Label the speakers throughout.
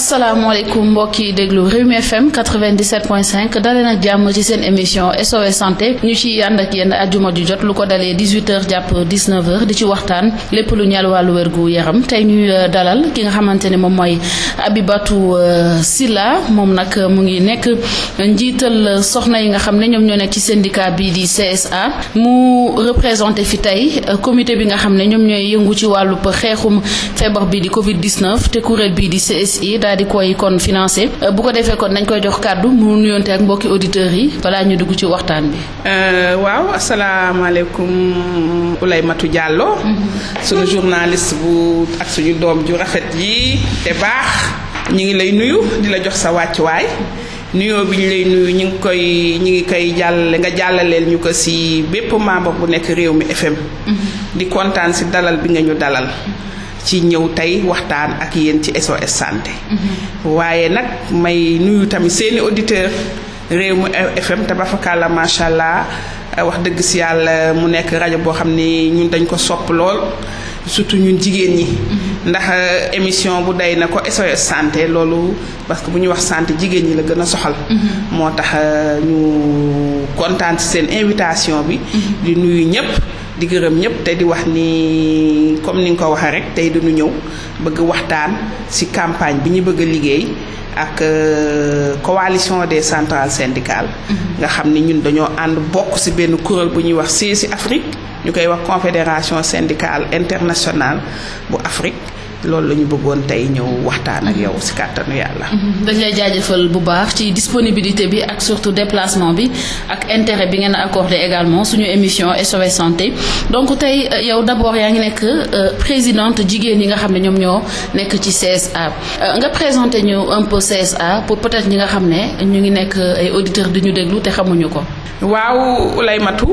Speaker 1: asalaamaaleykum mbokk yi déglu Rewmi FM 97.5 dalee nag jàmm ci seen émission SOS santé ñu ci ànd ak yéen ajuma ju jot lu ko dalee 18h jàpp 19h di ci waxtaan lépp lu ñeel wàllu wérgu yaram tey ñuy euh, dalal ki nga xamante ne moom mooy euh, Abibatou euh, Sylla moom nag mu ngi nekk njiital soxna yi nga xam ne ñoom ñoo nekk ci syndicat bii di CSA mu représenté fi tey comité bi nga xam ne ñoom ñooy yëngu ci wàllu xeexum feebar bi di Covid 19 te kuréel bii di CSI. daal di koy kon financé euh, bu ko defee kon dañ koy jox kàddu mu nuyoonte ak mbokki auditeurs yi balaa ñu dugg ci waxtaan bi.
Speaker 2: Euh, waaw lay matu jàlloo sunu journaliste bu ak suñu doom ju rafet yi te baax ñu ngi lay nuyu di la jox sa wàccuwaay. nuyoo bi ñu lay nuyu ñu ngi koy ñu ngi koy jàllale nga jàllaleel ñu ko ci bépp membre bu nekk réew mi FM. Mm-hmm. di kontaan ci dalal bi nga ñu dalal. ci ñëw tey waxtaan ak yéen ci SOS santé. Mm-hmm. waaye nag may nuyu tamit seeni auditeurs Rewmi FM tabafakala macha allah eh, wax dëgg si yàlla mu nekk rajo boo xam ni ñun dañ ko sopp lool surtout ñun jigéen ñi. Mm-hmm. ndax eh, émission bu day na ko SOS santé loolu parce que bu ñuy wax santé jigéen ñi la gën a soxal. Mm-hmm. moo tax eh, ñu kontaan ci seen invitation bi. di nuyu ñëpp. di gërëm ñëpp te di wax ni comme ni nga ko waxee rek tey dañu ñëw bëgg waxtaan ci campagne bi ñu bëgg liggéey ak euh, coalition des centrales syndicales mm-hmm. nga xam ni ñun dañoo ànd bokk ci benn kuréel bu ñuy wax ci ci Afrique ñu koy wax confédération syndicale internationale bu Afrique loolu la ñu bëggoon tey ñëw waxtaan ak yow si kàttanu yàlla.
Speaker 1: Mhm. dañ lay jaajëfal bu baax ci disponibilité bi ak surtout déplacement bi ak intérêt bi ngeen accordé également suñu émission SOS santé donc tey euh, yow d' abord yaa ngi nekk euh, présidente jigéen yi nga xam ne ñoom ñoo nekk ci CSA euh, nga présenté ñu un peu CSA pour peut-être ñi nga xam ne ñu ngi nekk ay auditeurs di ñu déglu te xamuñu ko.
Speaker 2: waaw lay matu.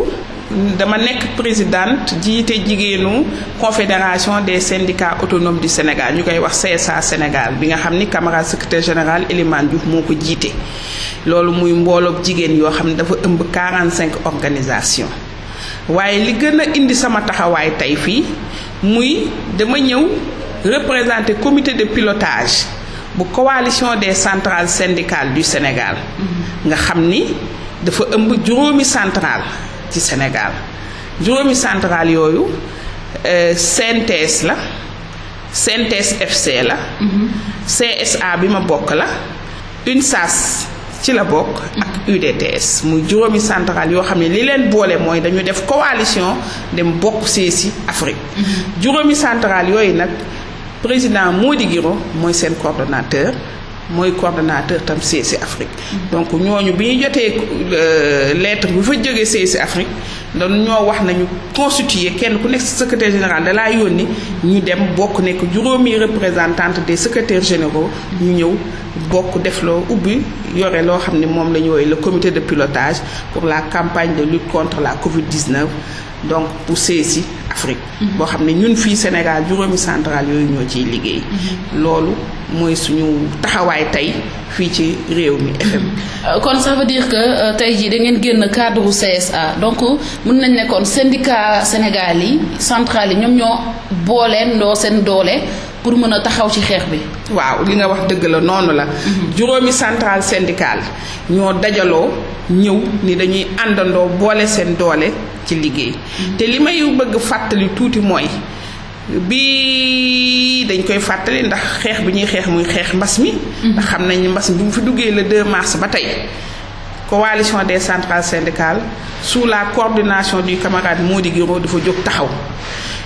Speaker 2: dama nekk présidente jiite jigéenu confédération des syndicats autonome du Sénégal ñu koy wax CSA Sénégal bi nga xam ni camarade secretaire général Elimane Diouf moo ko jiite. loolu muy mbooloog jigéen yoo xam ne dafa ëmb 45 organisations waaye li gën a indi sama taxawaay tey fii muy dama ñëw représenter comité de pilotage bu coalition des centrales syndicales du Sénégal. Mm-hmm. nga xam ni dafa ëmb juróomi centrale ci Sénégal juróomi centrale yooyu euh, CNTS la CNTS FC la CSA bi ma bokk la UNSAS ci la bokk ak UDTS muy juróomi centrale yoo xam ne li leen boole mooy dañu def coalition dem bokk see si Afrique mm-hmm. juróomi centrale yooyu nag président di Guiro mooy seen coordonnateur mooy coordonnateur tam CECI Afrique. donc ñooñu bi ñu jotee euh, lettre bu fa jógee CECI Afrique dañu ñoo wax nañu constituer kenn ku nekk secretaire général da yoon ni ñu dem bokk nekk juróomi représentante des secrétaires généraux ñu ñëw bokk def loo ubbi yore loo xam ni moom la ñu woowee le comité de pilotage pour la campagne de lutte contre la Covid 19. donc pour si Afrique. Mhm. boo xam ne ñun fii Sénégal juróomi central yooyu ñoo ciy liggéey. Mhm. loolu mooy suñu taxawaay tey fii ci réew mi FM. Mhm.
Speaker 1: Euh, kon ça veut dire que euh, tey jii da ngeen génn cadre CSA donc mun nañ nekkoon kon syndicat Sénégal yi central yi ñoom ñoo booleen ndoo seen doolee pour mën a taxaw ci xeex bi.
Speaker 2: waaw li nga wax dëgg la noonu la. Mhm. juróomi centrale syndicale ñoo dajaloo ñëw ni dañuy àndandoo boole seen doole ci liggéey. Mhm. te li may bëgg fàttali tuuti mooy bi dañ koy fàttali ndax xeex bi ñuy xeex muy xeex mbas mi. Mhm. xam nañ mbas mi bu mu fi duggee le 2 mars ba tey. coalition des centrales syndicales sous la coordination du camarade Mody Guiro dafa jóg taxaw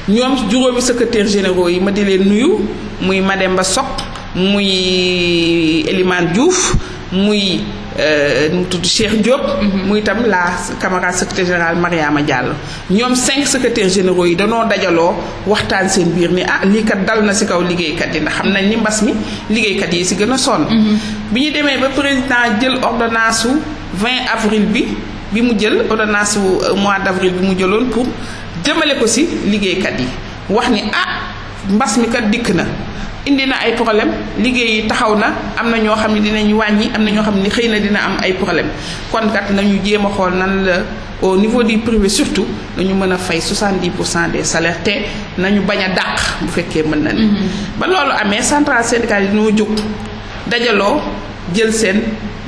Speaker 2: ñoom juróomi secretaire généraux yi ma di leen nuyu muy Mademba Sock muy Elimane Diouf muy euh, mu tudd Cheikh Diop. Mhm. muy tam la camarade secrétaire générale Mariama Diallo ñoom cinq secrétaires généraux yi danoo dajaloo waxtaan seen biir ni ah lii kat dal na ci kaw liggéeykat yi ndax xam nañ ni mbas mi liggéeykat yi ci gën a sonn. Mhm. bi ñu demee ba président jël ordonnance vingt 20 avril bi bi mu jël ordonnance euh, mois d' avril bi mu jëloon pour. jëmale ko si liggéeykat yi wax ni ah mbas mi kat dikk na indi na ay problème liggéey yi taxaw na am na ñoo xam ne dinañ wàññi am na ñoo xam ne xëy na dina am ay problème kon kat nañu jéem a xool nan la au niveau du privé surtout nañu mën a fay di pour cent des salaires te nañu bañ a dàq bu fekkee mën na ni mhm. ba loolu amee centrale syndicale yi ñoo jóg dajaloo jël seen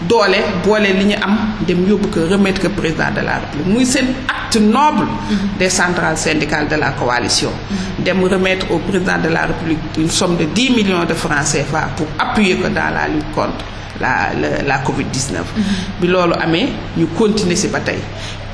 Speaker 2: doole boole li ñu am dem yóbbu ko remettre que président de la république muy seen acte noble mhm. des centrales syndicales de la coalition mhm. dem remettre au président de la république une somme de 10 millions de francs CFA pour appuyer ko dans la lutte la la, la Covid-19 mhm. bi loolu amee ñu continuer ci ba tey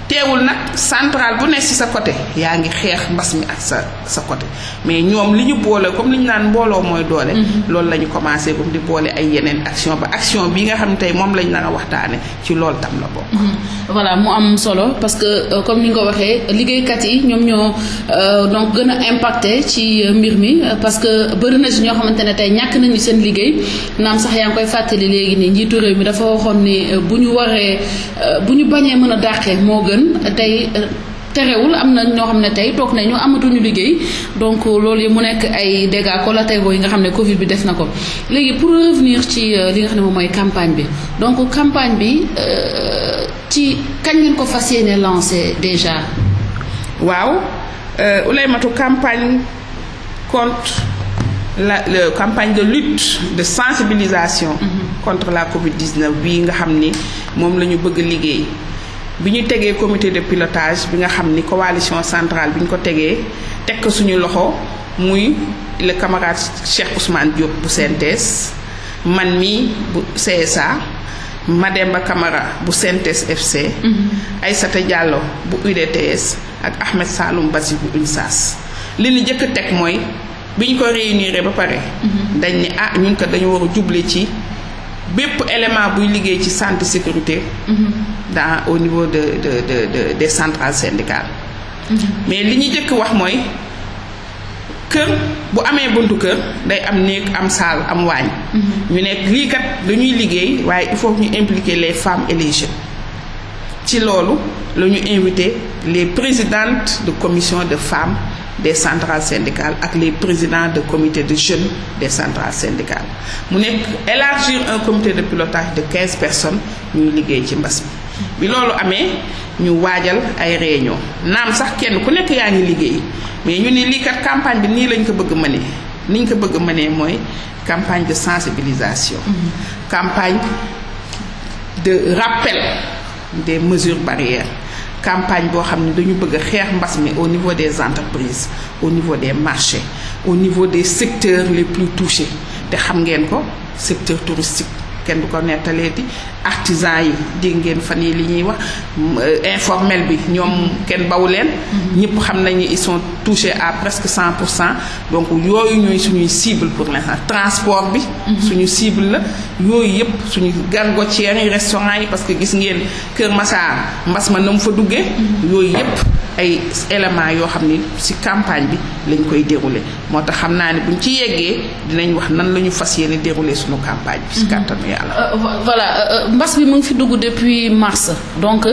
Speaker 2: teewul nag central bu nekk ci sa côté yaa ngi xeex mbas mi ak sa sa côté mais ñoom li ñu boole comme li ñu naan mbooloo mooy doole. Mm-hmm. loolu la ñu commencé gum di boole ay yeneen action ba action bi nga xam tey moom lañ nar a ci loolu tam la bokk.
Speaker 1: Mm-hmm. voilà mu am solo parce que euh, comme ni nga ko waxee liggéeykat yi ñoom ñoo euh, donc gën a impacté ci euh, mbir mi parce que bëri na ci ñoo xamante ne tey ñàkk nañu seen liggéey naam sax yaa ngi koy fàttali léegi ne njiitu réew mi dafa waxoon ne bu ñu waree bu ñu bañee mën a dàqee moo gën. tey euh, terewul am na ñoo xam ne tey toog nañu amatuñu liggéey donc loolu yi mu nekk ay dégâts collatéraux yi nga xam ne Covid bi def na ko léegi pour revenir ci euh, li nga xam ne moom mooy campagne bi donc campagne bi euh, ci kañ ngeen ko fas yéene lancé déjà.
Speaker 2: waaw Oulaymatou
Speaker 1: campagne
Speaker 2: contre la campagne de lutte de sensibilisation. Mm-hmm. contre la Covid 19 bii nga xam ni moom la ñu bëgg liggéey. bi ñu tegee comité de pilotage bi nga xam ni coalition centrale bi ñu ko tegee teg ko suñu loxo muy le camarade Cheikh Ousmane Diop bu CNTS man mi bu CSA Mademba Camara bu CNTS FC mhm. Aïssata Diallo bu UDTS ak Ahmed Saloum Basi bu UNSAS li ñu jëkk teg mooy bi ñu ko réunir ba pare mhm. dañ ne ah ñun ko dañu war a juble ci bépp élément buy liggéey ci santé sécurité mhm. dans au niveau de de de de des centrales syndicales. Mhm. mais li ñu njëkk wax mooy kër bu amee buntu kër day am néeg am saal am waañ. Mhm. ñu nekk lii kat lu ñuy liggéey waaye il faut ñu impliquer les femmes et ci loolu la ñu invité les présidentes de commission de femmes des centrales syndicales ak les présidents de comité de jeunes des centrale syndicales mu nekk élargir un comité de pilotage de quinze personnes ñuy liggéey ci mbas mi. bi loolu amee ñu waajal ay réunion naam sax kenn ku nekk yaa ngi liggéey mais ñu ni lii kat campagne bi nii lañ ko bëgg mënee niñ ko bëgg mënee mooy campagne de sensibilisation mm-hmm. campagne de rappel des mesures barrières campagne boo xam ne dañu bëgg a xeex mbas mi au niveau des entreprises au niveau des marchés au niveau des secteurs les plus touchés te xam ngeen ko secteur touristique kenn du ko nettalee di artisan yi dégg ngeen fan yi li ñuy wax euh, informel bi ñoom kenn bawu leen. Mm-hmm. ñëpp xam nañu ils sont touchés à presque cent pour cent donc yooyu ñooy suñuy cible pour l'instant transport bi. Mm-hmm. suñu cible la yooyu yëpp suñu gargotières yi restaurant yi parce que gis ngeen Kër Massar mbas ma na mu fa duggee. Mm-hmm. yooyu yëpp ay éléments yoo xam ni ci campagne bi lañ koy dérouler moo tax xam naa ne buñ ci yeggee dinañ wax nan la ñu fas yéene dérouler suñu campagne bi. ci kàttanu
Speaker 1: mbas bi mu ngi fi dugg depuis mars donc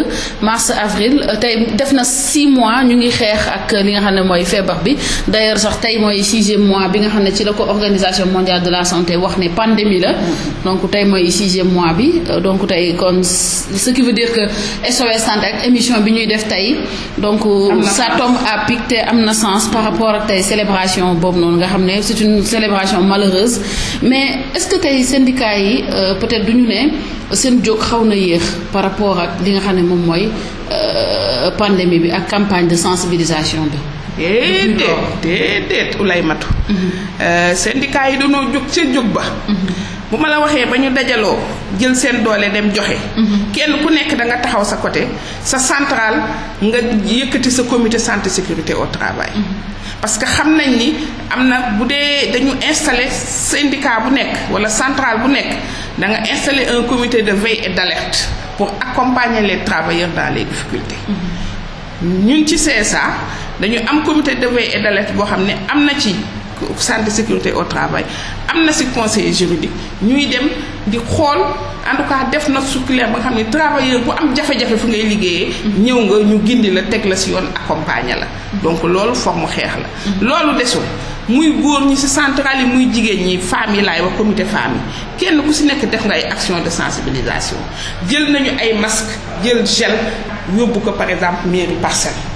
Speaker 1: mars avril euh, tey def na six mois ñu ngi xeex ak li nga xam ne mooy feebar bi d'ailleurs sax tey mooy sixième mois bi nga xam ne ci la ko organisation mondiale de la santé wax ne pandémie la donc tey mooy sixième mois bi euh, donc tey kon ce qui veut dire que SOS santé ak émission bi ñuy def tey donc sa tombe à pic te am na sens par rapport ak tey célébration boobu noonu nga xam ne c'est une célébration malheureuse mais est-ce que yi euh, peut-être duñu ne seen jóg xaw na yéex par rapport ak li nga xam ne moom mooy euh, pandémie bi ak campagne de sensibilisation bi. déedéet
Speaker 2: déedéet ulay matu. Mhm. Euh, syndicat yi dañoo jóg seen jóg ba.
Speaker 1: Mhm. bu ma la
Speaker 2: waxee ba ñu dajaloo jël seen doole dem joxe. Mhm. kenn ku nekk da nga taxaw sa côté sa centrale nga yëkkati sa commité santé sécurité au travail. parce que xam nañ ni am na bu dee dañu installer syndicat bu nekk wala centrale bu nekk da nga installer un comité de veille et d'alerte pour accompagner les travailleurs dans les difficultés mm-hmm. ñun ci CSA dañu am comité de veille et d'alerte boo xam ne am na ci santé sécurité au travail am na si conseiller juridique ñuy dem di xool en tout cas def na circulaire ba nga xam ne travailleur bu am jafe-jafe fu ngay liggéeye ñëw nga ñu gindi la teg la si yoon accompagner la donc loolu forme xeex la loolu desul muy góor ñi si centrale yi muy jigéen ñi femmes yi laay wax comité femmes yi kenn ku si nekk def nga ay action de sensibilisation jël nañu ay masque jël gel yóbbu ko par exemple mairie parcelle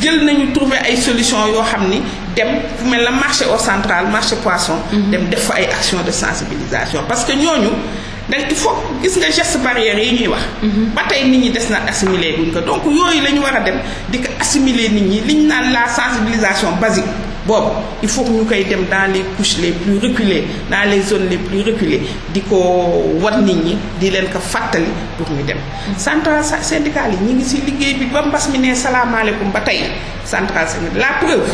Speaker 2: jël nañu trouver ay solution yoo xam ni dem fu mel na marché au central marché poisson mhm. dem def fa ay action de sensibilisation parce que ñooñu donc il faut gis nga geste barrière yi ñuy wax mhm. ba tey nit ñi des na assimiler buñ ko donc yooyu la ñu war a dem di ko assimiler nit ñi liñ naan la sensibilisation basique boobu il faut que ñu koy dem dans les couches les plus reculées dans les zones les plus reculées di ko wan nit ñi di leen ko fàttali pour ñu dem. centrale syndicale yi ñu ngi ci liggéey bi ba mbas mi ne salaamaaleykum ba tey centrale syndicale la preuve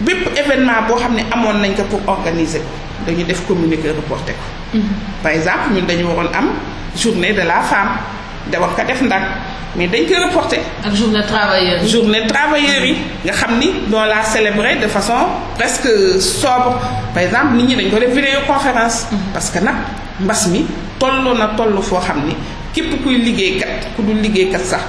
Speaker 2: bépp événement boo xam ne amoon nañ ko pour organiser ko dañu def communiqué reporté ko. Mm-hmm. par exemple ñun dañu waroon am journée de la femme da ko def ndax. mais dañ koy reporté. ak journée travailleur yi. journée travailleur yi nga xam ni doon laa célébrer de façon presque sobre par exemple nit ñi dañ ko def vidéoconférence. Mm-hmm. parce que nag mbas mi tolloo na toll foo xam ni képp kuy liggéeykat ku dul liggéeykat sax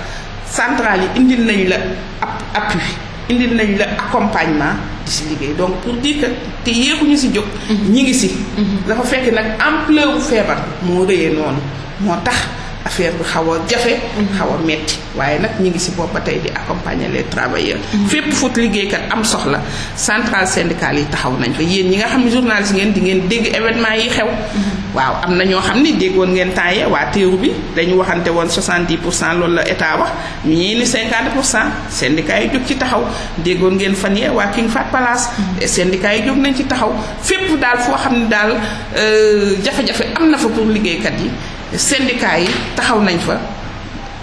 Speaker 2: centrale yi indil nañ la ab appui indil nañ la accompagnement di si liggéey donc pour dire que te yéexuñu si jóg. Mm-hmm. ñi ngi si. Mm-hmm. dafa fekk nag ampleur bu feebar moo rëyee noonu moo tax. affaire bi xaw a jafe. Mhm. xaw a metti waaye nag ñu ngi si bopp ba tey di accompagner les travailleurs. Mhm. fépp fut liggéeykat am soxla centrale syndicale yi taxaw nañ fa yéen ñi nga xam ne si ngeen di ngeen dégg événement yi xew. Mhm. waaw am na ñoo xam ni déggoon ngeen temps yee waa teeru bi dañu waxante woon 70 pour cent loolu la état wax ñu ñii ni 50 pour cent syndicat yi jóg ci taxaw déggoon ngeen fan yee waa King Fat Palace. syndicat yi jóg nañ ci taxaw fépp daal foo xam ne daal euh, jafe-jafe am na fa pour liggéeykat yi. syndicats yi taxaw nañ fa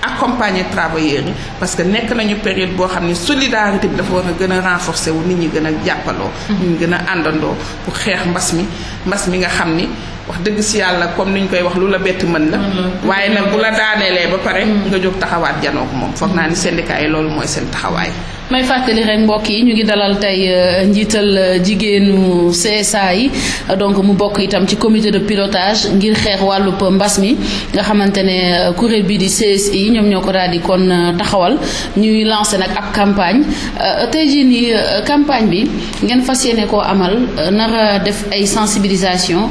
Speaker 2: accompagner travailleurs yi parce que nekk nañu période boo xam ne solidarité bi dafa war a gën a renforcer wu nit ñi gën a jàppaloo. Mm-hmm. ñu gën a àndandoo pour xeex mbas mi mbas mi nga xam ni. wax dëgg si yàlla comme niñ koy wax lu la bett mën la waaye nag bu la daaneelee ba pare mm. nga jóg taxawaat janook moom foog naa ni syndicat yi loolu mooy seen taxawaay
Speaker 1: may fàttali rek mbokk yi ñu ngi dalal tey euh, njiital euh, jigéenu CSA yi donc mu bokk itam ci comité de pilotage ngir xeex wàllub mbas mi nga xamante ne euh, kuréel bi di CSI ñoom ñoo ko daal di kon taxawal ñuy lancé nag ab campagne tey nii campagne bi ngeen fas yéene koo amal nara def ay sensibilisation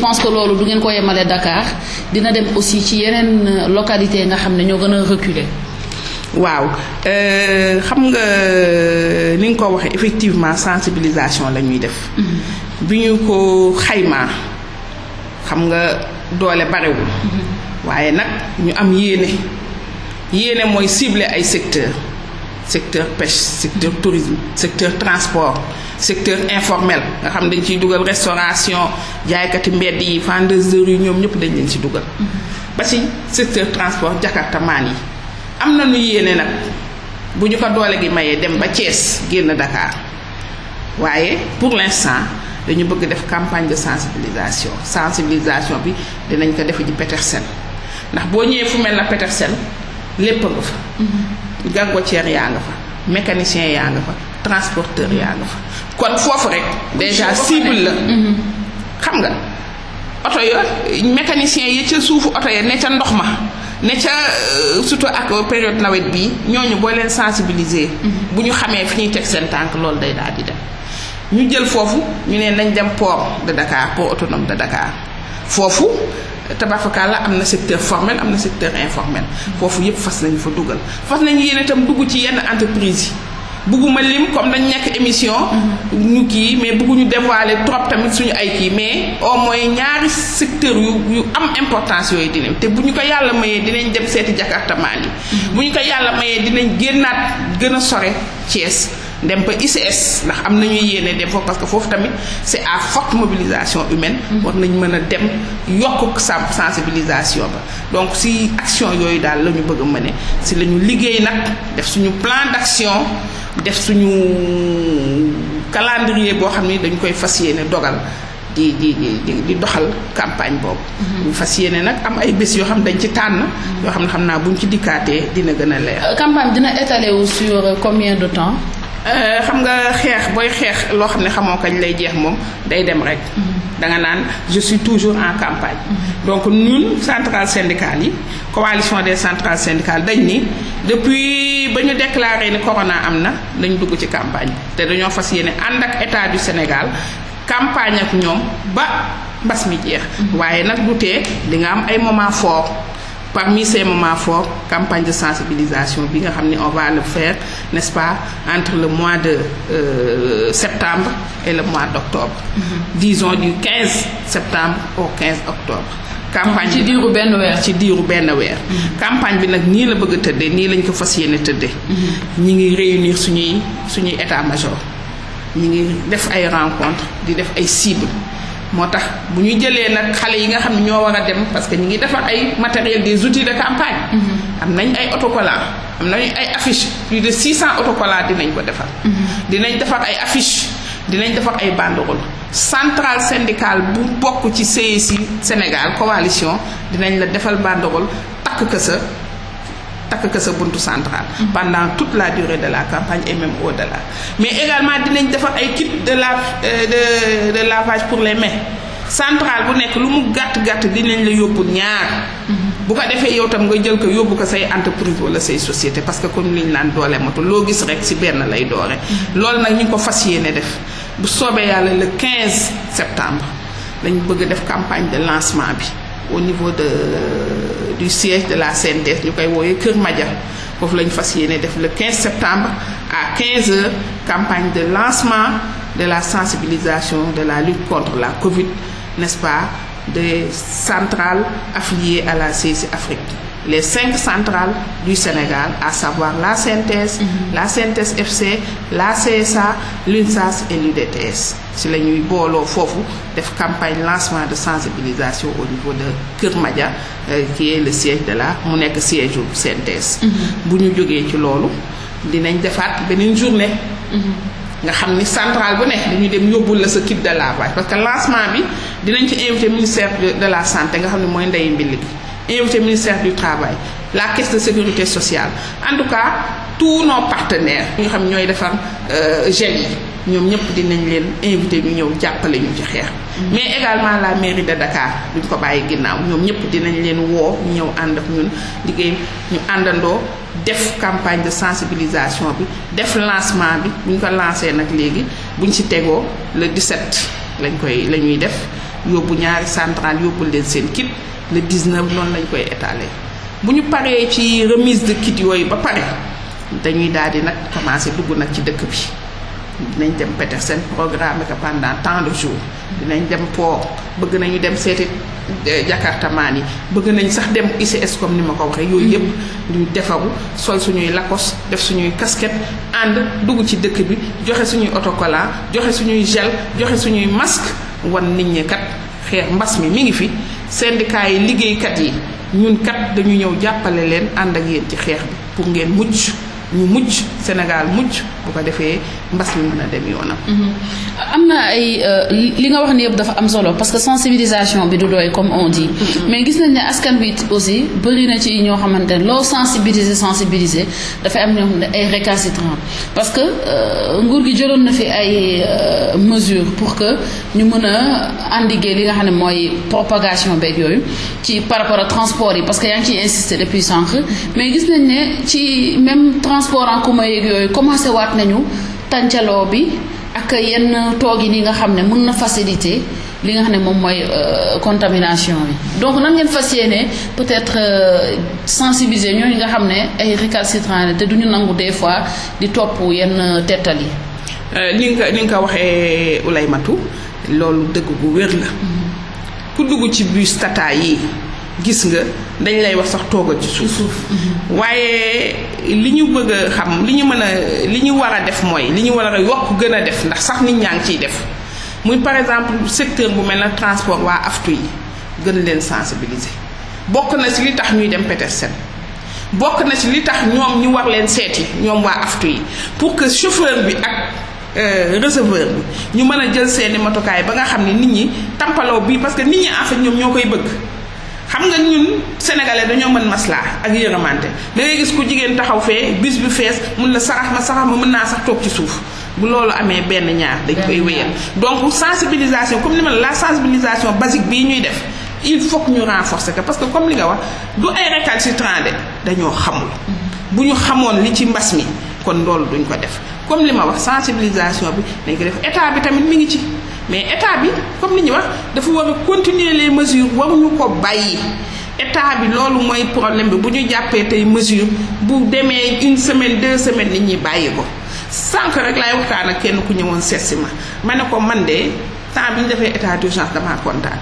Speaker 1: pense que loolu du ngeen ko yemale Dakar dina dem aussi ci yeneen euh, localité nga xam ne ñoo gën a reculer
Speaker 2: waaw euh, xam nga euh, ni nga ko waxee effectivement sensibilisation la ñuy def mhm. bi ñu ko xaymaa xam nga doole barewul
Speaker 1: mhm.
Speaker 2: waaye nag ñu am yéene yéene mooy cibler ay secteur secteur pêche secteur tourisme secteur transport secteur informel nga xam dañ ciy dugal restauration jaaykati mbedd yi vendeuse de rue ñoom ñëpp dañ leen ci dugal ba ci secteur transport jakartamaan yi am na nu yéene nag bu ñu ko doole gi mayee dem ba Thiès génn Dakar waaye pour l'instant dañu bëgg def campagne de sensibilisation sensibilisation bi dinañ ko def ji Petersen ndax boo ñëwee fu mel na Petersen lépp a nga fa mm-hmm. gargotière yaa nga fa mécanicien yaa nga fa transporteur yaa nga fa kon foofu rek déjà cible la mhm. xam nga oto ya mécanicien yi ca suufu oto ya ne ca ndox ma ne ca euh, surtout ak période nawet bii ñooñu boo leen sensibiliser mhm. bu ñu xamee fi ñuy teg seen tànk loolu day daal di dem ñu jël foofu ñu ne nañ dem port de Dakar port autonome de Dakar foofu tabafakaal la am na secteur formel am na secteur informel foofu yëpp fas nañu fa dugal fas nañu yéen itam dugg ci yenn entreprise yi bugguma lim comme dañ nekk émission mhm. ñu kii mais bugguñu dévoiler trop tamit suñu ay kii mais au moins ñaari secteur yu yu am importance yooyu dinañ te bu ñu ko yàlla mayee dinañ dem seeti jakartamaan yi mhm. bu ñu ko yàlla mayee dinañ génnaat gën a sore Thiès dem ba ICS ndax am nañu yéene dem foofu parce que foofu tamit c'est à forte mobilisation humaine. Mhm. war nañ mën a dem yokk sa sensibilisation ba donc si action yooyu daal la ñu bëgg a mëne si la ñu liggéey nag def suñu plan d'action def suñu calendrier boo xam ni dañ koy fas yéene dogal. di di di di doxal campagne boobu. Mhm. ñu fas yéene nag am ay bés yoo xam ne dañ ci tànn. yoo xam ne xam naa buñ ci dikkaatee dina gën a leer. Euh,
Speaker 1: campagne dina étaler wu sur combien de temps. Euh, xam
Speaker 2: nga xeex booy xeex loo xam ne xamoo kañ lay jeex moom day dem rek. Mm-hmm. danga naan je suis toujours en campagne. Mm-hmm. donc ñun centrales syndicales yi coalition des centrales syndicales dañ ni depuis ba ñu déclaré ni corona am na dañ dugg ci campagne bi te dañoo fas yéene ànd ak état du Sénégal campagne ak ñoom ba mbas mi jeex. Mm-hmm. waaye nag du tee di nga am ay moment fort. parmi ces moments forts campagne de sensibilisation bi nga xam ni on va le faire n'est-ce pas entre le mois de euh, septembre et le mois d'octobre
Speaker 1: mm-hmm.
Speaker 2: disons du 15 septembre au 15 octobre campagne ci diiru benn weer ci diiru benn weer mm-hmm. campagne bi nag nii la bëgg a tëddee nii lañ ko fas yéene tëddee mm-hmm. ñi ngi réunir suñuy suñuy état major ñi ngi def ay rencontre di def ay cibles moo tax bu ñu jëlee nag xale yi nga xam ne ñoo war a dem parce que ñu ngi defar ay matériel des outils de campagne mm-hmm. am nañ ay autocollants am nañ ay affiches plus de cent autocollants dinañ ko defar mm-hmm. dinañ defar ay affiches dinañ defar ay banderole centrale syndicale bu bokk ci si Sénégal coalition dinañ la defal banderole takk ka takk ka sa buntu centrale pendant toute la durée de la campagne et même la delà mais également dinañ defar ay kit de la euh, de la vage pour les mains central bu nekk lu mu gàtt gàtt dinañ la yóbbul ñaar bu ko defee yow tam nga jël ko yóbbu ko say entreprise wala say société parce que comme liñ laan doole moto loo gis rek ci benn lay doore loolu nag ñu ngi ko fas yéene def bu soobee yàlla le 15 septembre dañu bëgg def campagne de lancement bi au niveau de du siège de la CNDS ñu koy wooyee Kër Madia foofu la ñu fas yéene def le 15 septembre à 15 heures campagne de lancement de la sensibilisation de la lutte contre la Covid n'est-ce pas des centrales affiliées à la CIC Afrique. les cinq centrales du Sénégal, à savoir la CNTS, mmh. la CNTS FC, la CSA, l'UNSAS et l'UDTS. si la ñuy booloo foofu def campagne lancement de sensibilisation au niveau de Kër Madia euh, qui est le siège de la mu nekk siège u mhm. bu ñu jógee ci loolu dinañ defaat beneen journée. Mhm. nga xam ni centrale bu nekk dañuy dem yóbbul la sa kit de lavage parce que lancement bi dinañ ci invité ministère de la santé nga xam ne mooy ndeyu mbilli bi invité ministère du travail la caisse de sécurité sociale en tout cas tous nos partenaires ñu xam ñooy defar euh, gel yi ñoom ñëpp dinañ leen invité ñu ñëw jàppale ñu ci xeex mais également la mairie de Dakar duñ ko bàyyi ginnaaw ñoom ñëpp dinañ leen woo ñëw ànd ak ñun liggéey ñu àndandoo def campagne de sensibilisation bi def lancement bi bu ko lancé nag léegi buñ ci tegoo le 17 lañ koy la ñuy def yóbbu ñaari centrale yóbbu leen seen kit le 19 noonu lañ koy étaler bu ñu paree ci remise de kit yooyu ba pare dañuy daal di nag commencer dugg nag ci dëkk bi dinañ dem Petersen programme que pendant tant de jours dinañ dem port bëgg nañu dem seeti jakartamaan yi bëgg nañ sax dem ICS comme ni ma ko waxee yooyu yëpp ñu defaru sol suñuy lakos def suñuy casquette ànd dugg ci dëkk bi joxe suñuy autocollant joxe suñuy gel joxe suñuy masque wan nit ñi kat xeer mbas mi mi ngi fi syndicat yi liggéeykat yi ñun kat dañu ñëw jàppale leen ànd ak yéen ci xeex bi pour ngeen mucc ñu mujj Sénégal mujj bu ko defee mbas mi mën a dem yoonam.
Speaker 1: Mm-hmm. am na ay euh, li nga wax ni yëpp dafa am solo parce que sensibilisation bi du doy comme on dit. Mm-hmm. mais gis nañ ne askan bi aussi bëri na ci ñoo xamante ne loo sensibiliser sensibiliser dafay am ñoo xam ay récalcitrants parce que euh, nguur gi jëloon na fi ay euh, mesures pour que ñu mën a endiguer li nga xam ne mooy propagation beeg yooyu ci par rapport ak parce que yaa ngi ciy insister depuis sànq mm-hmm. mais gis nañ ne ci même transport en commun yeeg yooyu commencé waat nañu tàncaloo bi ak yenn toog yi ni nga xam ne mun na faciliter li nga xam ne moom mooy euh, contamination bi. donc nan ngeen fas yéene peut-être euh, sensibiliser ñooñu nga xam ne ay rical récalcitrants te duñu nangu des fois di topp yenn tettal yi.
Speaker 2: li euh, nga li nga ko waxee Oulay Matou loolu dëgg bu wér la. Mm-hmm. ku dugg ci bus tata yi. gis nga dañ lay wax sax toogal ci suuf suuf waaye li ñu bëgg a xam li ñu mën a li ñu war a def mooy li ñu war a yokk gën a def ndax sax nit ñaa ngi ciy def muy par exemple secteur bu mel na transport waa aftu yi gën leen sensibiliser bokk na ci li tax ñuy dem Petersen bokk na ci li tax ñoom ñu war leen seeti ñoom waa aftu yi pour que chauffeur bi ak euh, receveur bi ñu mën a jël seeni matukaay ba nga xam ni nit ñi tampaloo bii parce que nit ñi en ñoom ñoo koy bëgg am nga ñun sénégalais dañoo mën masla ak yërëmante da ngay gis ku jigéen taxaw fee bis bu fees mun la sarax ma sarax ma mën naa sax toog ci suuf bu loolu amee benn ñaar dañ koy wéyal donc sensibilisation comme ni ma la la sensibilisation basique bii ñuy def il faut ñu renforcer ko parce que comme li nga wax du ay récalcitrant de dañoo xamul bu ñu xamoon li ci mbas mi kon loolu duñ ko def comme li ma wax sensibilisation bi dañ ko def état bi tamit mi ngi ci mais état bi comme li ñu wax dafa war a continuer les mesures waruñu ko bàyyi état bi loolu mooy problème bi bu ñu jàppee tey mesure bu demee une semaine deux semaine nit ñi bàyyi ko sànq rek laay waxtaan ak kenn ku ñëwoon seetsi ma ma ne ko man de temps bi ñu defee état d'urgence damaa kontaan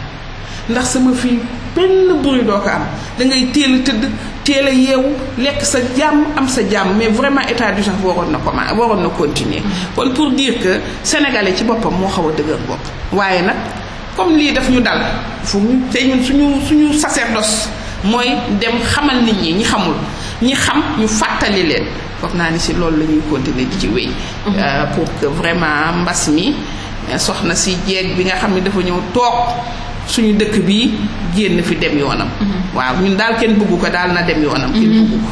Speaker 2: ndax sama fii benn bruit doo ko am da ngay teel a tëdd teel a yeewu lekk sa jàmm am sa jàmm mais vraiment état d'urgence waroon na commencé waroon na continuer kon pour dire que sénégalais ci boppam moo xaw a dëgër bopp waaye nag comme lii daf ñu dal fu te suñu suñu sacerdoce mooy dem xamal nit ñi ñi xamul ñi xam ñu fàttali leen foog naa ni si loolu la ñuy continuer di ci wéy mhm. euh, pour que vraiment mbas mi soxna si jeeg bi nga xam ne dafa ñëw toog suñu dëkk bi génn fi dem yoonam. Mhm. waaw ñun daal kenn bëggu ko daal na dem yoonam. kenn mhm. bëggu ko.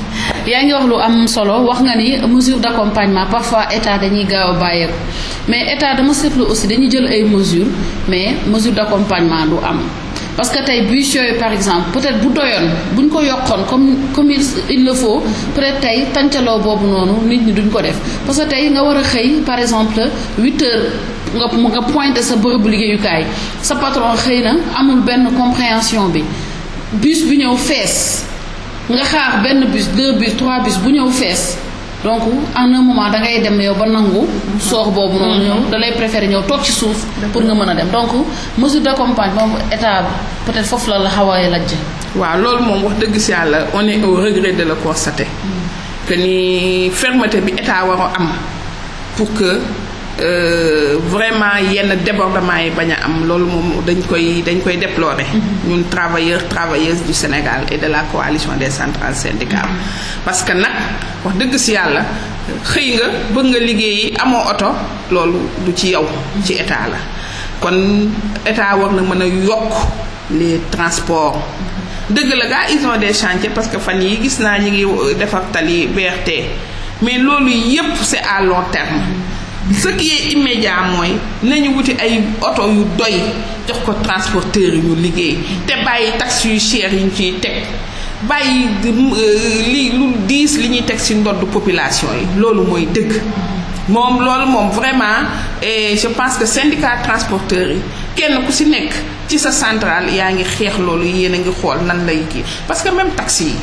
Speaker 1: yaa ngi wax lu am solo wax nga ni mesure d' accompagnement parfois état dañuy gaaw a bàyyeeku mais état dama seetlu aussi dañuy jël ay mesures mais mesure d' accompagnement du am. parce que tey bus yooyu par exemple peut-être bu doyoon bu ñu ko yokkoon comme comme il le faut peut-être tey tàncaloo boobu noonu nit ñi duñ ko def parce que tey nga war a xëy par exemple huit heures nga nga pointé sa bërëbu liggéeyukaay sa patron xëy na amul benn compréhension bi bus bi ñëw fees nga xaar benn bus deux bus trois bus bu ñëw fees donc en na moment da ngay dem yow ba nangu. soox boobu noonu. ñëw da lay ñëw toog ci suuf. pour nga mën a dem donc mesure d'accompagnement bu état bi peut-être foofu la la xaw a lajj.
Speaker 2: waaw loolu moom wax dëgg si yàlla on est au regret de le constater. nii mm. ni fermeté bi état war a am pour que. Euh, vraiment yenn débordement yi bañ a am loolu moom dañ koy dañ koy déplorer. Mm-hmm. ñun travailleurs travailleuses du Sénégal et de la coalition des centrales syndicales. Mm-hmm. parce que nag wax dëgg si yàlla xëy nga bëgg nga liggéey amoo oto loolu du ci yow. ci mm-hmm. état la kon état war na mën a yokk les transports. dëgg la gaa ils ont des chantiers parce que fan yi gis naa ñu ngi euh, defar tali BRT mais loolu yépp c'est à long terme. ce qui est mooy nañu wuti ay oto yu doy jox ko transporteur yu liggéey te bàyyi taxes yu cher yi ñu ciy teg bàyyi euh, li lu diis li ñuy teg ci ndodd population yi loolu mooy dëgg moom loolu moom vraiment et je pense que syndicat transporteur yi kenn ku si nekk ci sa centrale yaa ngi xeex loolu yéen a ngi xool nan lay kii parce que même taxi yi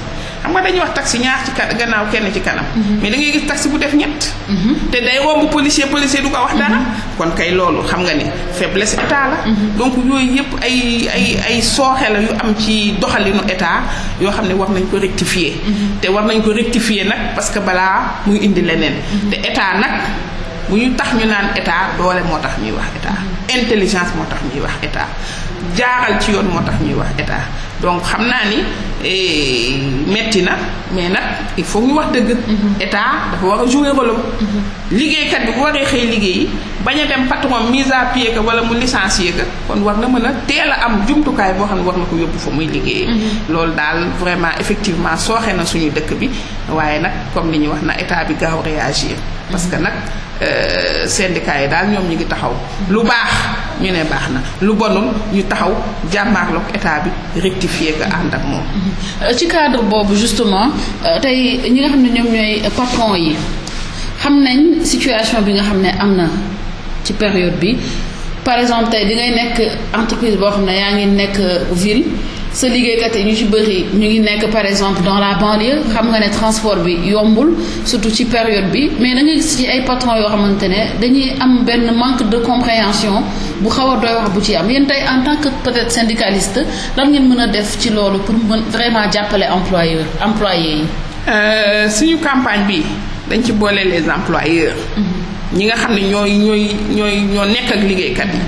Speaker 2: xam nga dañuy wax taxi ñaar ci kan gannaaw kenn ci kanam. Mhm. mais da ngay gis taxi bu def ñett. Mhm. te day romb policier policier du ko wax dara. Mhm. kon kay loolu xam nga ni faiblesse état la. donc yooyu yëpp ay ay ay sooxe la yu am ci doxalinu état yoo xam ne war nañ ko rectifier. te war nañ ko rectifier nag parce que balaa muy indi leneen. te état nag bu ñu tax ñu naan état doole moo tax ñuy wax état. intelligence moo tax ñuy wax état jaaral ci yoon moo tax ñuy wax état. donc xam naa ni eh, metti na mais nag il faut ñu wax dëgg. Mm-hmm. état dafa war a jouer rôle mm-hmm. liggéeykat bi bu waree xëy liggéeyi bañ a dem patron mise à pied ka wala mu licencier ka kon war na mën a teel a am jumtukaay boo xam ne war na ko yóbbu fa muy liggéeyee. Mm-hmm. loolu daal vraiment effectivement sooxe na suñu dëkk bi waaye nag comme li ñuy wax na état bi gaaw réagir parce que nag. Euh, syndicat yi daal ñoom ñu ngi taxaw lu baax ñu ne baax na lu bonul ñu taxaw jàmmaarloog état bi rectifier ko ànd ak moom.
Speaker 1: Euh, ci cadre boobu justement euh, tey ñi nga xam ne ñoom ñooy patron yi xam nañ situation bi nga xam ne am na ci période bi par exemple tey di ngay nekk entreprise boo xam ne yaa ngi nekk ville. sa liggéeykat yi ñu ci bëri ñu ngi nekk par exemple dans la banlieue xam nga ne transport bi yombul surtout ci période bi mais da nga gis ci ay patron yoo xamante ne dañuy am benn manque de compréhension bu xaw a doy wax bu ci am yéen tey en tant que peut-être syndicaliste lan ngeen mën a def ci loolu pour mën vraiment jàppale employeur yooyu yi. Euh, suñu campagne bi dañ ci boole les employeurs.
Speaker 2: Mm-hmm. ñi nga xam ne ñooy ñooy ñooy ñoo nekk ak liggéeykat yi.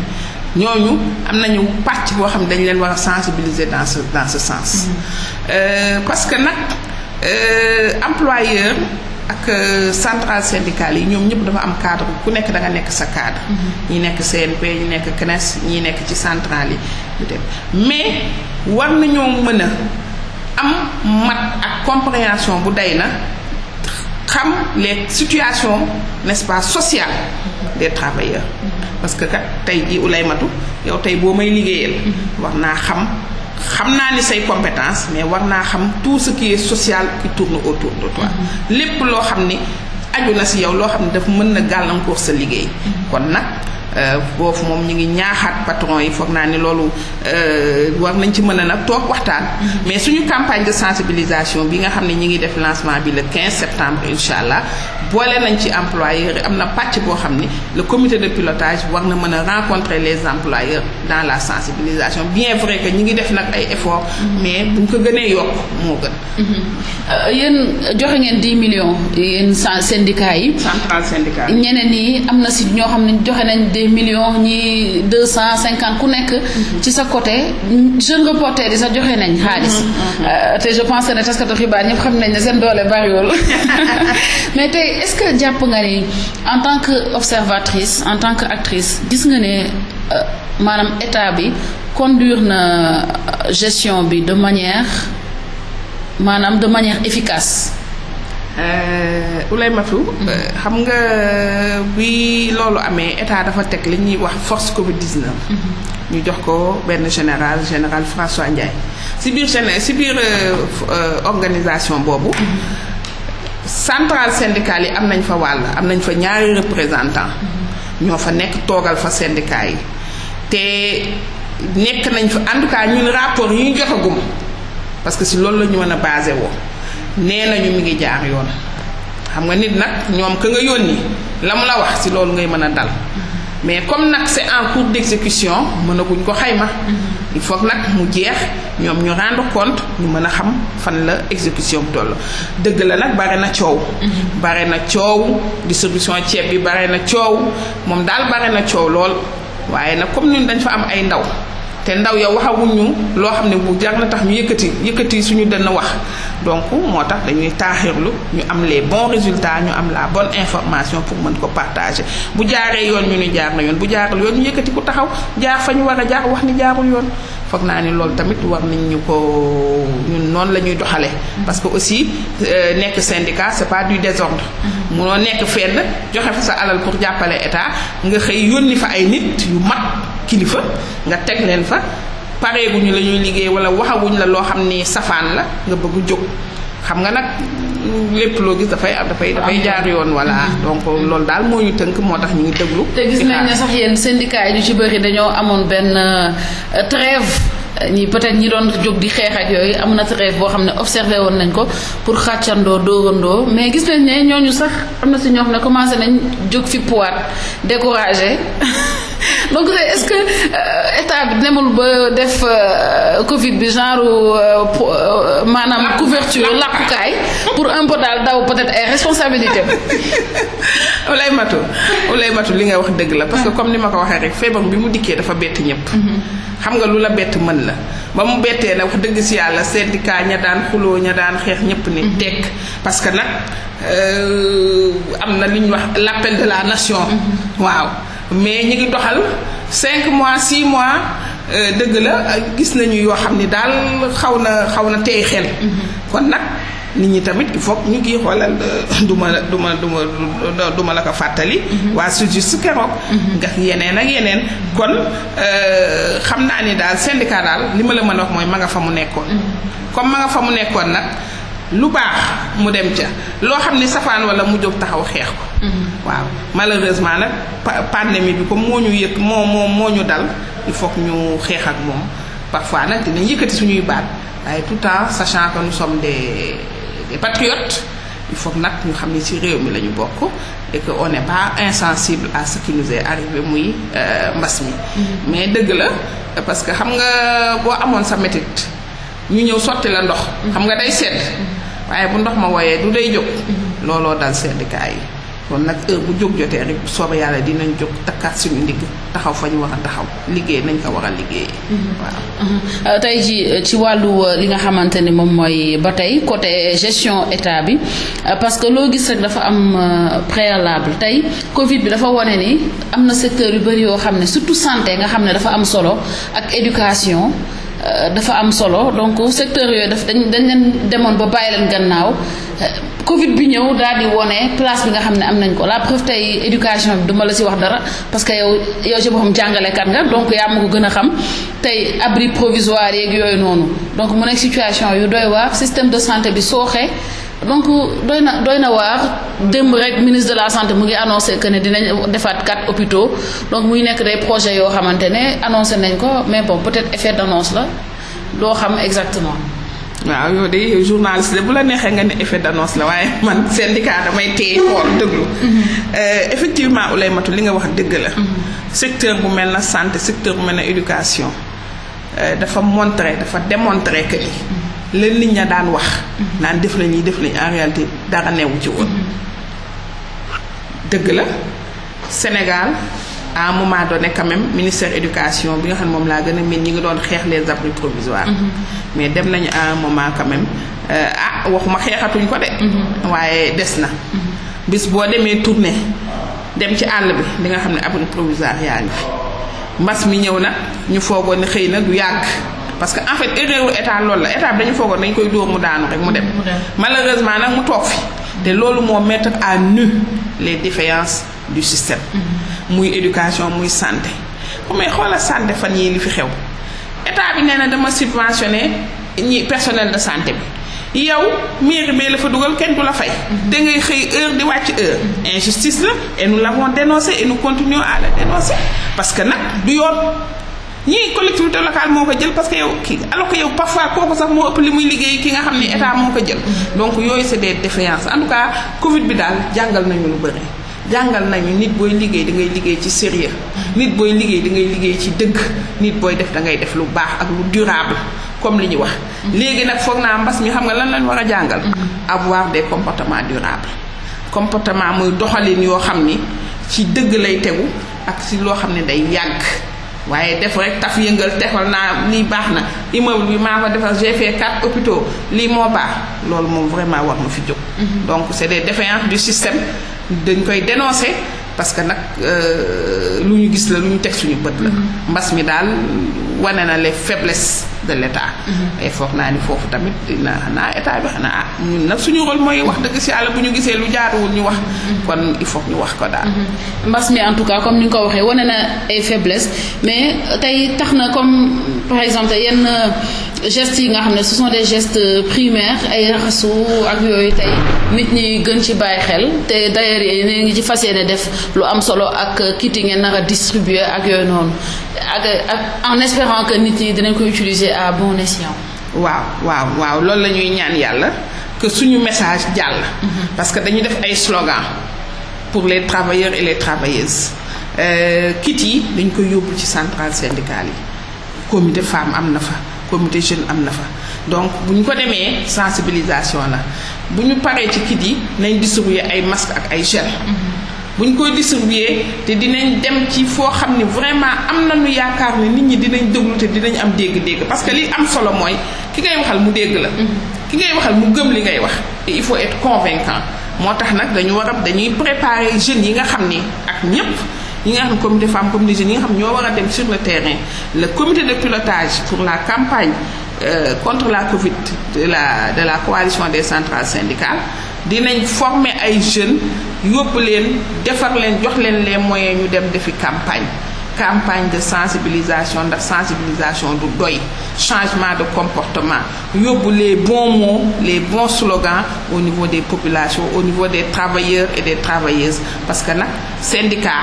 Speaker 2: ñooñu am nañu pàcc boo xam ne dañ leen war a sensibiliser dans ce dans ce sens. Mm-hmm. Euh, parce que nag euh, employeur ak euh, centrale syndicale yi ñoom ñëpp dafa am cadre ku nekk da nga nekk sa cadre. Mm-hmm. ñi nekk CNP ñi nekk CNES ñi nekk ci centrale yi ñu mais war nañoo mën am mat ak compréhension bu day na. xam les situations n'est-ce pas sociales parce que kat tey ji Oulaymatou yow tey boo may liggéeyal mhm. war naa xam xam naa ni say compétence mais war naa xam tout ce qui est social qui tourne autour toi mhm. lépp loo xam ni aju na si yow loo xam ne dafa mën na gàllankoor sa liggéey mhm. kon nag boofu euh, moom ñu ngi ñaaxaat patron yi foog naa ni loolu euh, war nañ ci mën a nag toog waxtaan mm-hmm. mais suñu campagne de sensibilisation bi nga xam ne ñi ngi def lancement bi le 15 septembre incha allah boole nañ ci employeurs yi am na pàcc boo xam ni le comité de pilotage war na mën a rencontrer les employeurs dans la sensibilisation bien vrai que ñi ngi def nag ay efforts mm-hmm. mais buñ ko gënee yokk moo gën mm-hmm.
Speaker 1: euh, yéen joxe ngeen 10 millions yéen syndicats yi central syndicat ñeneen yi million millions ñi cent cinquante ku nekk. ci sa côté jeune reporter di sa joxe nañ xaalis. Mm-hmm. Euh, te je pense que ne taskatu xibaar ñëpp xam nañ ne seen doole bariwul mais tey est-ce que jàpp nga ni en tant que observatrice en tant que actrice gis nga ne euh, maanaam état bi conduire na euh, gestion bi de manière maanaam de manière efficace. Euh,
Speaker 2: Ouleye Matou euh, xam nga euh, bi loolu amee état dafa teg li ñuy wax force Covid 19. Mm-hmm. ñu jox ko benn général général François Ndiaye si biir géné si biir organisation boobu. Mm-hmm. centrale syndicale yi am nañ fa wàll am nañ fa ñaari représentant mm-hmm. ñoo fa nekk toogal fa syndicat yi te nekk nañ fa en tout cas ñun rapport yi ñu jotagum parce que si loolu la ñu mën a basé woo. nee nañu mi ngi jaar yoon xam nga nit nag ñoom ka nga yónni la mu la wax si loolu ngay mën a dal mais comme nag c'est en cours d'exécution mënaguñ ko xayma il faut nag mu jeex ñoom ñu rendre compte ñu mën a xam fan la exécution bu toll dëgg la nag bare na coow bare na coow distribution ceeb bi bare na coow moom daal bare na coow lool waaye nag comme ñun dañ fa am ay ndaw te ndaw ya waxawuñu loo xam ne bu jar na tax ñu yëkkati yëkkati suñu dënn wax donc moo tax dañuy taaxirlu ñu am les bon résultat ñu am la bonne information pour mën ko partager bu jaaree yoon ñu ni jaar na yoon bu jaarul yoon ñu yëkkati ku taxaw jaar fa ñu war a jaar wax ni jaarul yoon foog naa ni loolu tamit war nañ ñu ko ñun noonu la ñuy doxalee. parce que aussi euh, nekk syndicat c'est pas du désordre. Mm-hmm. munoo nekk fenn joxe fa sa alal pour jàppale état nga xëy yónni fa ay nit yu mat kilifa nga teg leen fa. pareeguñu la ñuy liggéey wala waxaguñ la loo xam ni safaan la nga bëgg jóg xam nga nag lépp loo gis dafay dafay dafay jaar yoon voilà donc loolu daal moo ñu tënk moo tax ñu ngi déglu. te
Speaker 1: gis nañ ne sax yéen syndicat yi ñu ci bëri dañoo amoon benn euh, trêve ñi peut-être ñi doon jóg di xeex yooyu am na trêve boo xam ne observé woon nañ ko pour xàccandoo doogandoo mais gis nañ ne ñooñu sax am na si ñoo xam ne commencé nañ jóg fi puwaat découragé. donc tey est-ce euh, état bi demul ba def euh, Covid bi genre euh, maanaam couverture làkkukaay pour un peu daal daw peut-être ay responsabilité
Speaker 2: ulay matu ulay matu li nga wax dëgg la parce que comme ni ma ko waxee rek feebar bi mu dikkee dafa bett ñëpp xam nga lu la bett mën la ba mu bettee na wax dëgg si yàlla di syndicat ña daan xuloo ña daan xeex ñëpp ni mhm. tekk parce que nag am na li ñu wax l'appel de la nation mhm. waaw mais ñi ngi doxal 5 mois 6 mois euh, dëgg la ak gis nañu yoo xam ni daal xaw na xaw na tey xel. Mm-hmm. kon nag nit ñi tamit il faut ñu ngi xoolal euh, du ma du ma du ma du ma la ko fàttali. Mm-hmm. waa su su keroog. Mm-hmm. nga yeneen ak yeneen. kon euh, xam naa ni daal syndicat daal li ma la mën a mooy ma nga fa mu nekkoon. comme ma nga fa mu nekkoon nag lu baax mu dem ca loo xam ne safaan wala mu jóg taxaw xeex ko. waaw malheureusement nag pandémie bi comme moo ñu yëg moo moo moo ñu dal il faut ñu xeex ak moom parfois nag dinañ yëkkati suñuy baat waaye tout temps sa que nous sommes des des patriotes il faut nag ñu xam ni ci réew mi la ñu bokk de que on n'est insensible à ce qui nous est arrivé muy euh, mbas mi mm-hmm. mais dëgg la parce que xam nga boo amoon sa métit ñu ñëw sotti la ndox mm-hmm. xam nga day sedd mm-hmm. waaye bu ndox ma wooyee du day jóg looloo dal seddkaay yi kon nag heure bu jóg jotee rek sooba yàlla dinañ jóg takkaat suñu ndigg taxaw fa ñu war a taxaw liggéey nañ ko war a liggéey
Speaker 1: waaw mhm. mhm. tey ji euh, ci wàllu euh, li nga xamante ni moom mooy ba tey côté gestion état bi euh, parce que loo gis rek dafa am préalable tey covid bi dafa wane ni am na secteur yu bëri yoo xam ne surtout santé nga xam ne dafa am solo ak éducation Euh, dafa am solo donc secteur yooyu daf dañ dañ leen demoon ba bàyyi leen gannaaw euh, Covid bi ñëw daal di wone place bi nga xam ne am nañ ko la preuve tey éducation bi duma la si wax dara parce que yow yow ci boppam jàngalekat nga donc yaa ma ko gën a xam tey abri provisoire yeeg yooyu noonu donc mu nekk situation yu doy waar système de santé bi sooxee donc doy na doy na waar démb rek ministre de la santé mu ngi annoncé que ne dinañ defaat quatre hôpitaux donc muy nekk des projets yoo xamante ne annoncé nañ ko mais bon peut-être effet d'annonce la loo xam exactement.
Speaker 2: waaw yow de journaliste bu la neexee nga ne effet d'annonce la waaye man seen syndicat damay téye xool déglu. Mhm. Euh, effectivement Oulaymatou li nga wax dëgg la. Mhm. secteur bu mel na santé secteur bu mel na éducation euh, dafa montrer dafa démontrer que ni. Mhm. leen nit ña daan wax mhm. naan def la ñuy def lañu en dara newu ci woon mhm. dëgg la Sénégal à un moment donné ministère éducation bi nga xam ne moom laa gën a miin ñi ngi doon xeex les abris provisoires mhm. mais dem nañu à un moment quand même euh, ah waxuma xeexatuñ ko de waaye des na bis boo demee tournée dem ci àll bi di nga xam ne abris provisoires yaa ngi fi mbas mi ñëw na ñu foogoon ne xëy na du yàgg parce que en fait erreur état loolu la état bi dañu foogoon dañ koy dóor mu daanu rek mu dem. malheureusement nag mu toog fi. te loolu moo mettre à nu les défaillances du système. Mm-hmm. muy éducation muy santé. xool xoolal santé fan yii li fi xew état bi nee na dama subventionné ñi personnel de santé bi yow mairie bee la fa dugal kenn du la fay. Mm-hmm. da ngay xëy heure di wàcc heure. injustice la et nous l'avons dénoncé et nous continuons à la dénoncer parce que nag du yoon. ñii collectivité locale moo ko jël parce que yow ki alors que yow parfois kooku sax moo ëpp li muy liggéey ki nga xam ne état moo ko jël. donc yooyu c'est des défaillances en tout cas Covid bi daal jàngal nañu lu bëri. jàngal nañu nit booy liggéey da ngay liggéey ci sérieux nit booy liggéey da ngay liggéey ci dëgg nit booy def da ngay def lu baax ak lu durable comme li ñu wax. léegi nag foog naa mbas mi xam nga lan lañ war a jàngal. avoir des comportements durables. comportement muy doxalin yoo xam ni ci dëgg lay tegu ak loo xam ne day yàgg. waaye def rek taf yëngal texal naa lii baax na immeuble bi maa ko defal j'ai fait quatre hôpitaux lii moo baax loolu moom vraiment war na fi jóg. Mhm. donc c'est des défaillances du système dañ koy dénoncer parce que nag euh, lu ñu gis la lu ñu teg suñu bët la. Mhm. mbas mi daal wane na les faiblesses. de l' état. ay mhm. foog naa ni foofu tamit dina xanaa état bi xanaa ah ñun nag suñu rôle mooy wax dëgg si yàlla bu ñu gisee lu jaaduwul ñu wax. Mhm. kon il ñu wax ko daal. Mhm.
Speaker 1: mbas mi en tout cas comme ni nga ko waxee wane na ay faiblesse mais tey tax na comme par exemple yenn gestes yi nga xam ne ce sont des gestes primaires ay raxasu ak yooyu tey nit ñi gën ci bàyyi xel te d' ailleurs yéen ngi ci fas yéene def lu am solo ak kit yi ngeen nar a distribuer ak yooyu noonu ak à bon waaw
Speaker 2: waaw waaw loolu la ñuy ñaan yàlla que suñu message jàll. Mm-hmm. parce que dañu def ay slogan pour les travailleurs et les travailleuses. Euh, kit yi dañ koy yóbbul ci centrale syndicale yi comité femme am na fa comité jeune am na fa donc bu ñu ko demee sensibilisation la bu ñu paree ci kit yi nañ distribuer ay masque ak ay gel. Mm-hmm. bu buñ koy distribuer te dinañ dem ci foo xam ni vraiment am na nañu yaakaar ne nit ñi dinañ déglu te dinañ am dégg-dégg parce que li am solo mooy ki ngay waxal mu dégg la mm-hmm. ki ngay waxal mu gëm li ngay wax il faut être convaincant moo tax nag dañu war dañuy préparer jeunes yi nga xam ni ak ñépp yi nga xam ne comité femmes comité jeunes yi nga xam ñoo war a dem sur le terrain le comité de pilotage pour la campagne euh, contre la Covid de la de la coalition des centrales syndicales dinañ former ay jeunes yóbbu leen defar leen jox leen les moyens ñu dem defi campagne campagne de sensibilisation ndax sensibilisation du doy changement de comportement yóbbu les bons mots les bons slogans au niveau des populations au niveau des travailleurs et des travailleuses parce que nag syndicat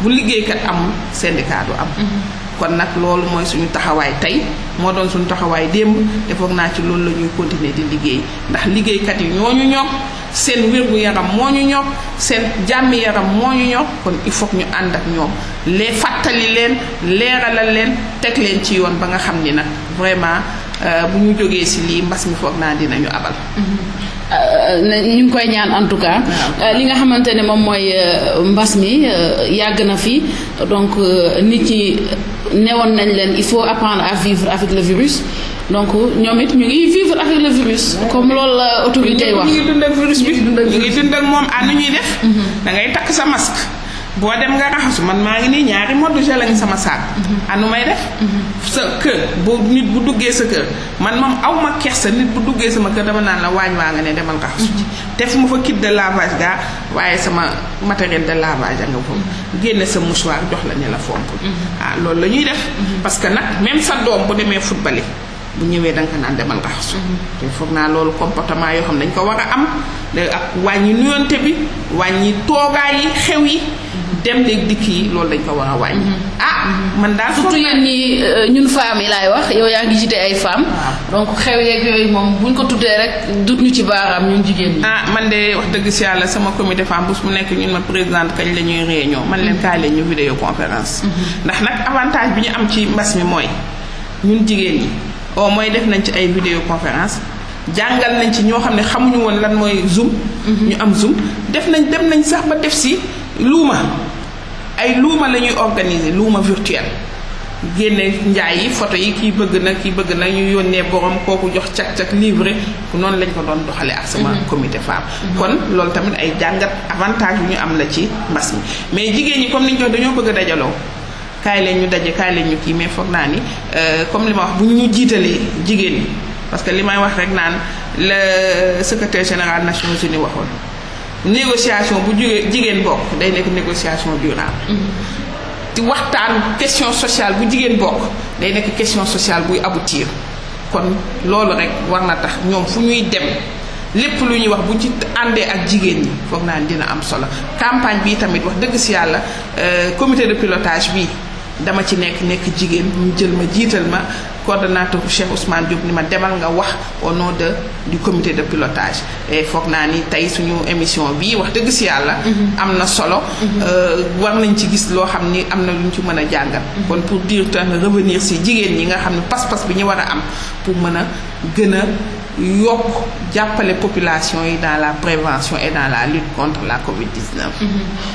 Speaker 2: bu liggéeykat amul syndicat du am mm-hmm. kon nag loolu mooy suñu taxawaay tey moo doon suñu taxawaay démb te foog naa ci loolu la ñuy continuer di liggéey ndax liggéeykat yi ñoo ñu ñor seen wérgu yaram moo ñu ñor seen jàmm yaram moo ñu ñor kon il foog ñu ànd ak ñoom lee fàttali leen leeralal leen teg leen ci yoon ba nga xam ni nag vraiment euh, bu ñu jógee si lii mbas mi foog naa dinañu abal mm-hmm.
Speaker 1: Euh, euh, ñu ngi koy ñaan en tout cas euh, li nga xamante ne moom mooy mbas mi yàgg na fi donc nit ñi neewoon nañ leen il faut apprendre à vivre avec le virus donc ñoom it ñu ngi vivre avec le comme loolu la autorité wax
Speaker 2: ñu ngi dund moom ànd ah, ñuy def mhm. da takk sa masque boo dem nga raxasu man maa ngi nii ñaari moddu gel a sama saak mhm. anu may def mhm. sa kër bu nit bu duggee sa kër man moom aw ma kersa nit bu duggee sama kër dama naan la waañ waa nga ne demal raxasu ci mhm. def ma fa kit de lavage gaa waaye sama matériel de lavage a nga foofu génne sa mouchoir jox la ne la fomp ah loolu la ñuy def parce que nag même sa doom bu demee football bu ñëwee da nga ko naan demal nga te foog naa loolu comportement yoo xam ne dañ ko war a am ak wàññi nuyonte bi wàññi toogaay yi xew yi dem léegi dikk yi loolu dañ ko war a wàññi mm-hmm.
Speaker 1: ah man daal surtout yéen ni euh, ñun faam yi laay wax yow yaa ngi jiite ay femmes donc xew yeeg yooyu moom buñ ko tuddee rek dut ñu ci baaraam ñun jigéen ñi ah man
Speaker 2: de wax dëgg si yàlla sama comité femme bés mu nekk ñun ma présidente kañ la ñuy réunion man leen kaay leen ñu vidéo conférence mm-hmm. ndax nag avantage bi ñu am ci mbas mi mooy ñun jigéen ñi au moins def nañ ci ay vidéoconférence jàngal nañ ci ñoo xam ne xamuñu woon lan mooy zoom. Mhm. ñu am zoom def nañ dem nañ sax ba def si luuma ay luuma lañuy ñuy organiser luuma virtuel génne njaay yi foto yi kii bëgg na kii bëgg na ñu yónnee borom kooku jox cag-cag ku noonu lañ ko doon doxalee ak sama mhm. comité femme kon loolu tamit ay jàngat avantage yu ñu am la ci mbas mi mais jigéen ñi comme niñ ko dañoo bëgg dajaloo kaay leen ñu daje kaay leen ñu kii mais foog naa ni euh, comme li ma wax bu ñu jiitalee jigéen ñi parce que li may wax rek naan le secrétaire général Nations Unies waxoon négociation bu jugee jigéen bokk day nekk négociation durable. Mm-hmm. di waxtaan question sociale bu jigéen bokk day nekk question sociale buy aboutir kon loolu rek war na tax ñoom fu ñuy dem. lépp lu ñuy wax bu ci àndee ak jigéen ñi foog naa ni dina am solo campagne bi tamit wax dëgg si yàlla euh, comité de pilotage bi dama ci nekk nekk jigéen ñu jël ma jiital ma coordonnateur Cheikh Ousmane Diop ni ma demal nga wax au nom de di comité de pilotage et foog naa ni tey suñu émission bi wax dëgg si yàlla mm-hmm. am na solo mm-hmm. euh, war nañ ci gis loo xam ni am na lu ñu ci mën a jàngal mm-hmm. kon pour diir dire tan revenir si jigéen ñi nga xam ne pas-pas bi ñu war a am pour mën a gën a yokk jàppale population yi dans la prévention et dans la lutte contre la Covid-19. Mm-hmm.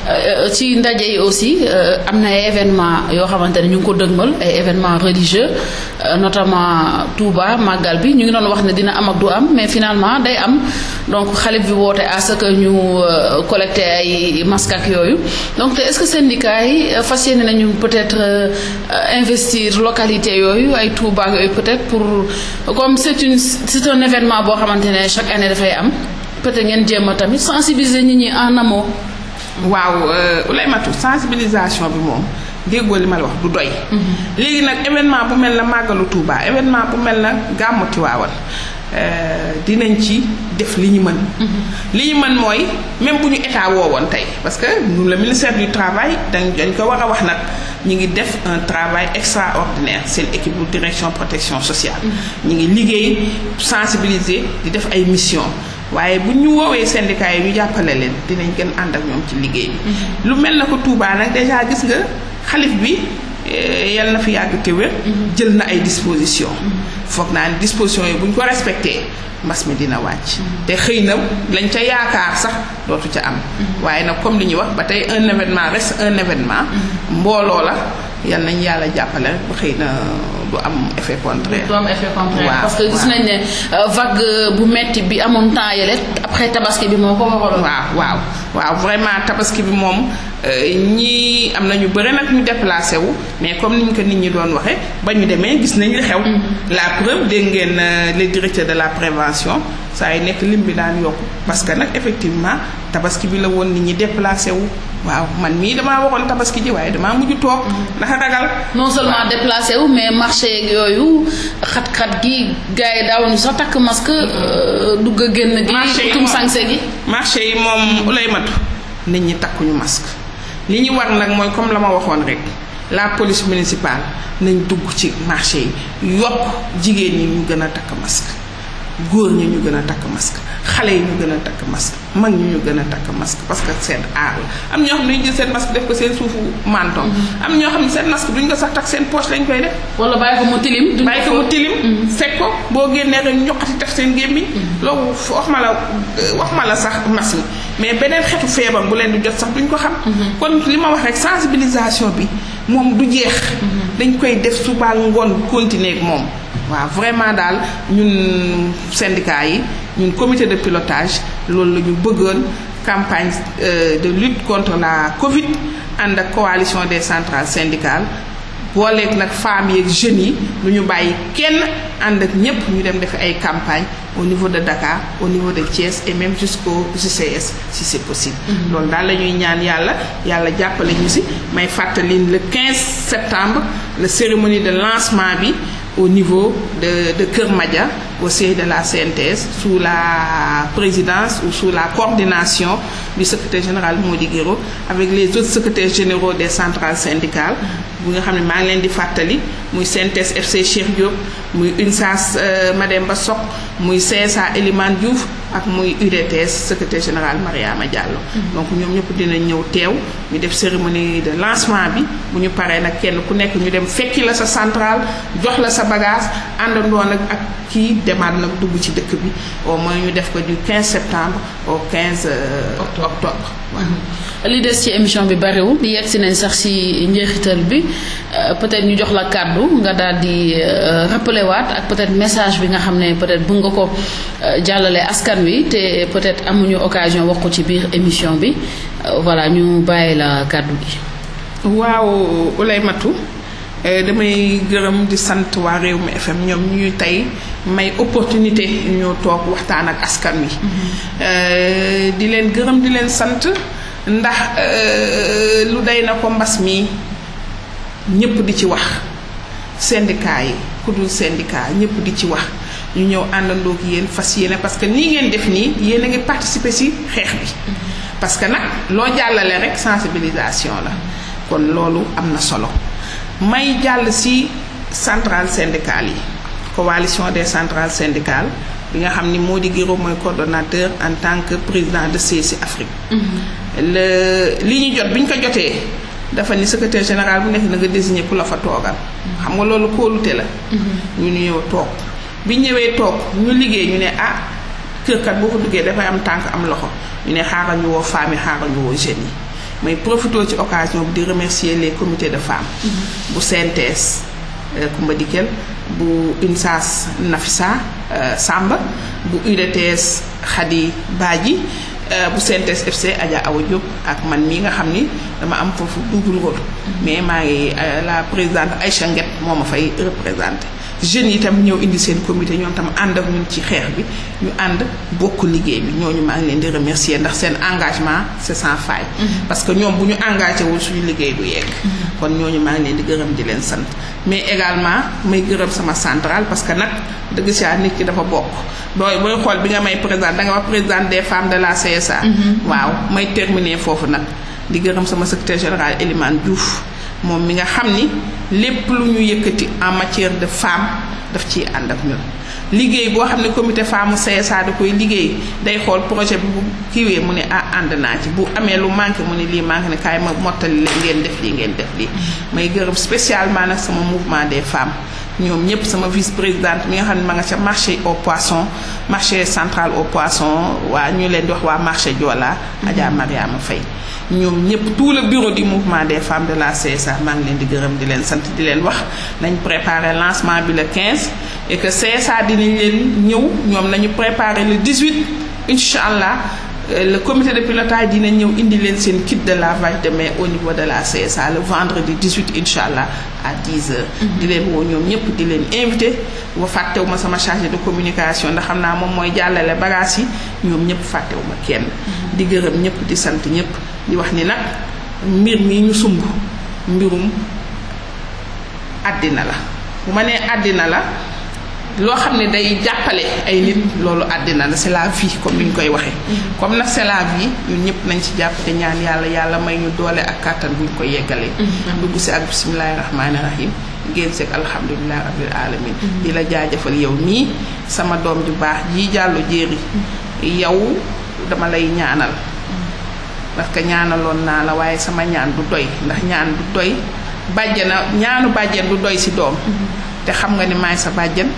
Speaker 1: Euh, ci ndaje yi aussi euh, am na ay événements yoo xamante ne ñu ngi ko dëgmal ay événement religieux euh, notamment Touba màggal bi ñu ngi doon wax ne dina am ak du am mais finalement day am donc xale bi woote à que ñu collecté ay masques yooyu donc te est-ce yi fas yéene nañu peut-être investir localité yooyu ay Touba yooyu peut-être pour comme c'est une c'est événement boo xamante ne chaque année dafay am peut-être ngeen jéem a tamit sensibiliser nit ñi en amont.
Speaker 2: waaw euh, lay matu sensibilisation bi moom déggoo li ma wax du doy. Mhm. léegi nag événement bu mel na màggalu Touba événement bu mel na gàmmu Tiwaawan euh, dinañ ci def li ñu mën. Mhm. li ñu mën mooy même bu ñu état woowoon tey parce que nous le ministère du travail dañ dañ ko war a wax nag. ñu ngi def un travail extraordinaire seen équipe bu direction protection sociale. ñi ngi liggéey sensibiliser di def ay mission waaye bu ñu woowee syndicat yi ñu jàppale leen dinañ gën ànd ak ñoom ci liggéey mm-hmm. lu mel na ko Touba nag déjà gis nga xalit bi. Eh, yal na fi yàgg te wér mhm. jël na ay disposition mhm. foog naa ne disposition yi bu ñu ko respecté mbas mi dina wàcc mhm. te xëy na lañ ca yaakaar sax dootu ca am waaye nag comme li ñuy wax ba tey un événement reste un événement mbooloo la yal nañ yàlla jàppale ba xëy na du am effet contraire. du
Speaker 1: am effet contraire parce que gis nañ ne euh, vague euh, bu metti bi amoon temps yële après tabaski bi moo ko waraloon. waaw waaw waaw
Speaker 2: vraiment tabaski bi moom euh, ñii am na ñu bëri nag ñu déplacé wu mais comme niñ ko nit ñi doon waxee ba ñu demee gis nañ li xew. Mm. la preuve dégg ngeen le directeur de la prévention saa yu nekk lim bi daan yokk parce que nag effectivement tabaski bi la woon nit ñi déplacé wu. waaw man mii damaa waxoon tabaski ji waaye damaa mujj toog. Mm.
Speaker 1: ndax marché yooyu xat gi gars yi daawoon sax takk masque euh, dugg a génn gi. marché yi moom sanse gi.
Speaker 2: marché yi moom ulay matu nit ñi takkuñu masque li ñu war nag mooy comme la ma waxoon rek la police municipale nañ dugg ci marché yi yokk jigéen ñi ñu gën a takk masque góor ñi ñu gën a takk masque xale yi ñu gën a takk masque. mag ñu ñu gën a takk masque parce que seen aar la am ñoo xam ne dañu jël seen masque def ko seen suufu manton mm-hmm. am ñoo xam ne seen masque duñ ko sax takk seen poche lañ koy def. wala bàyyi ko mu tilim. bàyyi ko ko mm-hmm. boo génnee nga ñoqati def seen gémmiñ. Mm-hmm. loolu wax ma la wax ma la sax masque mais beneen xeetu feebar bu leen di jot sax duñ ko xam. kon li ma wax rek sensibilisation bi moom du jeex. dañ koy def subaal ngoon continuer moom. waaw vraiment daal ñun syndicat yi. ñun comité de pilotage loolu la ñu bëggoon campagne euh, de lutte contre la Covid ànd ak coalition des centrales syndicales booleeg nag femmes yeeg jeunes yi lu ñu bàyyi kenn ànd ak ñépp ñu dem defi ay campagne au niveau de Dakar au niveau de Thiès et même jusqu'au GCS si c'est possible mm-hmm. loolu daal la ñuy ñaan yàlla yàlla jàppale ñu si may fàttali le 15 septembre la cérémonie de lancement bi au niveau de, de Kermadia, au siège de la CNTS, su la présidence ou sous la coordination du secrétaire général Maudi Guiro, avec les autres secrétaires généraux des centrales syndicales. xam savez, maa ngi leen di fàttali muy CNTS FC Cheikh Diop muy UNSAS euh, Mademba Sock muy CSA Elimane Diouf ak muy UDTS secrétaire général Mariama Diallo. Mm-hmm. donc ñoom ñëpp dinañ ñëw teew ñu def cérémonie de lancement bi bu ñu paree nag kenn ku nekk ñu dem fekki la sa centrale jox la sa bagage àndandoo nag ak kii demaat nag dugg
Speaker 1: ci dëkk bi au moins ñu def ko du 15 septembre au 15 euh, octobre. Mm-hmm. li des ci émission bi bariwul yegg si nañ sax si njeexital bi euh, peut-être ñu jox la kàddu nga daal di euh, rappeler waat ak peut-être message bi nga xam ne peut-être bëgg nga ko jàllale askan askan wi te peut-être amuñu occasion wax ko ci biir émission bi euh, voilà ñu bàyyi la kàddu gi.
Speaker 2: waaw Oulaymatou euh, damay gërëm di sant waa réew Rewmi FM ñoom ñuy tey may opportunité ñoo toog waxtaan ak askan wi. Mhm. Euh, di leen gërëm di leen sant ndax lu day na ko mbas mi ñépp di ci wax syndicat yi ku dul syndicat ñépp di ci wax. ñu ñëw àndandoo ak yéen fas yéene parce que nii ngeen def nii yéen a ngi participer ci xeex bi parce que nag loo jàllale rek sensibilisation la kon loolu am na solo may jàll ci centrale syndicale yi coalition des central syndicales bi nga xam ni moo di Guiro mooy coordonnateur en tant que président de CSI Afrique
Speaker 1: mm-hmm.
Speaker 2: le li ñu jot bi ñu ko jotee dafa ni secretaire général bu nekk na nga désigner ku la fa toogal mm-hmm. xam nga loolu kóolute la mm-hmm. ñu ñëw toog bi ñëwee toog ñu liggéey ñu ne ah kër kat boo ko duggee dafay am tànk am loxo ñu ne xaaral ñu woo femmes yi xaaral ñu woo jeunes yi may profité ci occasion bi di remercier les comités de femmes. Mm-hmm. bu CNTS Koumba euh, Dikel bu UNSAS Nafisa euh, Samba bu UDTS Khady Badji euh, bu CNTS FC Adja Awa Diop ak man mii nga xam ni dama am foofu double rôle. Mm-hmm. mais maa ngi la présidente Aïcha Nguet moo ma fay représenté. jeunes yi tam ñëw indi seen comité ñoom tam ànd ak ñun ci xeex bi ñu ànd bokk liggéey bi ñooñu maa ngi leen di remercier ndax seen engagement c'est sans faille. Mm-hmm. parce que ñoom bu ñu engagé wul suñu liggéey du yegg. Mm-hmm. kon ñooñu maa ngi leen di gërëm di leen sant mais également may gërëm sama central parce que nag dëgg saa nit ki dafa bokk booy booy xool bi nga may président danga nga wax président des femmes de la CSA. Mm-hmm. waaw may terminer foofu nag di gërëm sama secrétaire général Elimane Diouf. moom mi nga xam ni lépp lu ñu yëkkati en matière def femme daf ciy ànd ak ñun liggéey boo xam ne comité femme CSA da koy liggéey day xool projet bi bu kiiwee mu ne ah ànd naa ci bu amee lu manqué mu ne lii manqué ne kaay ma mottali leen ngeen def lii ngeen def lii may gërëm spécialement nag sama mouvement des femmes ñoom ñëpp sama vice présidente mi nga xam ne ma nga ca marché au poisson marché central au poisson waa ñu leen di wax waa marché Joola Adja mhm. Mariama Faye ñoom ñëpp tout le bureau du mouvement des femmes de la CSA maa ngi leen di gërëm di leen sant di leen wax nañ préparer lancement bi le quinze et que CSA dinañ leen ñëw ñoom nañu préparer dix 18 incha allah Euh, le comité de pilotage dina ñëw indi leen seen kit de lavage de main au niveau de la CSA le vendredi 18 incha allah à 10 heures. Mhm. di leen woo ñoom ñëpp di leen invité wa fàttewuma sama chargé de communication ndax xam naa moom mooy jàllale bagages yi ñoom ñëpp fàttewuma kenn. Mhm. di gërëm ñëpp di sant ñëpp di wax ni nag mbir mi ñu sumb mbirum àddina la bu ma nee àddina la. loo xam ne day jàppale ay nit loolu àddina la c'est la vie comme ni ñu koy waxee. comme na c'est la vie ñun ñëpp nañ si jàpp te ñaan yàlla yàlla may ñu doole ak kàttan bu ñu ko yeggalee. Mm-hmm. dugg si ak bisimilahi rahmaani rahim. génn seeg alhamdulilah rabbil alamin mm-hmm. di la jaajëfal yow nii sama doom ju baax ji jàlloo jéeri mm-hmm. yow dama lay ñaanal parce que ñaanaloon naa la waaye sama ñaan du doy ndax ñaan du doy bàjjana ñaanu bàjjen du doy si doom te xam nga ni may sa bàjjen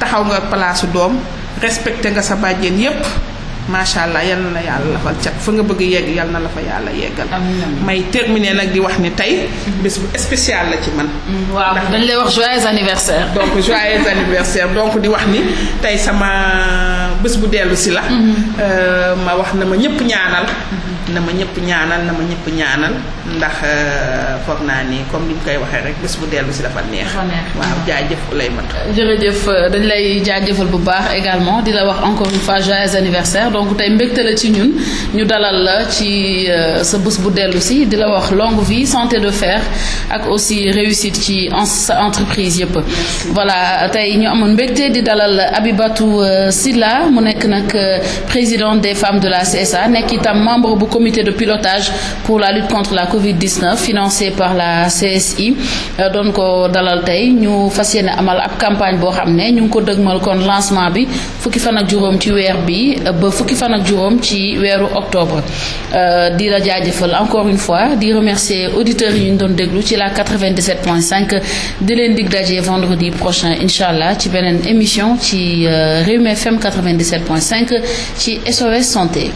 Speaker 2: taxaw nga palaasu doom respecté nga sa bàjjen yépp macha allah yal na la yàlla lafal cat fa nga bëgg yegg yal na la fa yàlla yeggal. may terminer nag di wax ni tey. bés bu spécial la ci man.
Speaker 1: Mm, waaw dañ lay wax joyeux
Speaker 2: anniversaire. donc joyeux anniversaire donc di wax ni tey sama bés bu dellu si la. Mm-hmm. Euh, ma wax na ma ñëpp ñaanal. Mm-hmm. na ma ñëpp ñaanal na ma ñëpp ñaanal ndax euh, foog naa ni comme ni ñu koy waxee rek bés bu dellu si dafa neex. waaw jaajëf lay mat.
Speaker 1: jërëjëf euh, dañ lay jaajëfal bu baax également di la wax encore une fois joyeux anniversaire donc tey mbégte la ci ñun ñu dalal la ci euh, sa bés bu dellu si di la wax longue vie santé de fer ak aussi réussite ci sa entreprise yëpp. voilà tey ñu amoon mbégte di dalal Abibatou Sylla mu nekk nag présidente des femmes de la CSA nekk itam comité de pilotage pour la lutte contre la covid financé par la CSI euh, doon ko dalal tey ñu fas yéene amal ab campagne boo xam ne ñu ngi ko dëgmal kon lancement bi fukki fan ak juróom ci weer bi euh, ba fukki fan ak juróom ci weeru octobre euh, di la jaajëfal encore une fois di remercier auditeurs yu ñu doon déglu ci la 97.5 di leen dig daje vendredi prochain incha allah ci beneen émission ci Rewmi FM 97.5 ci SOS santé.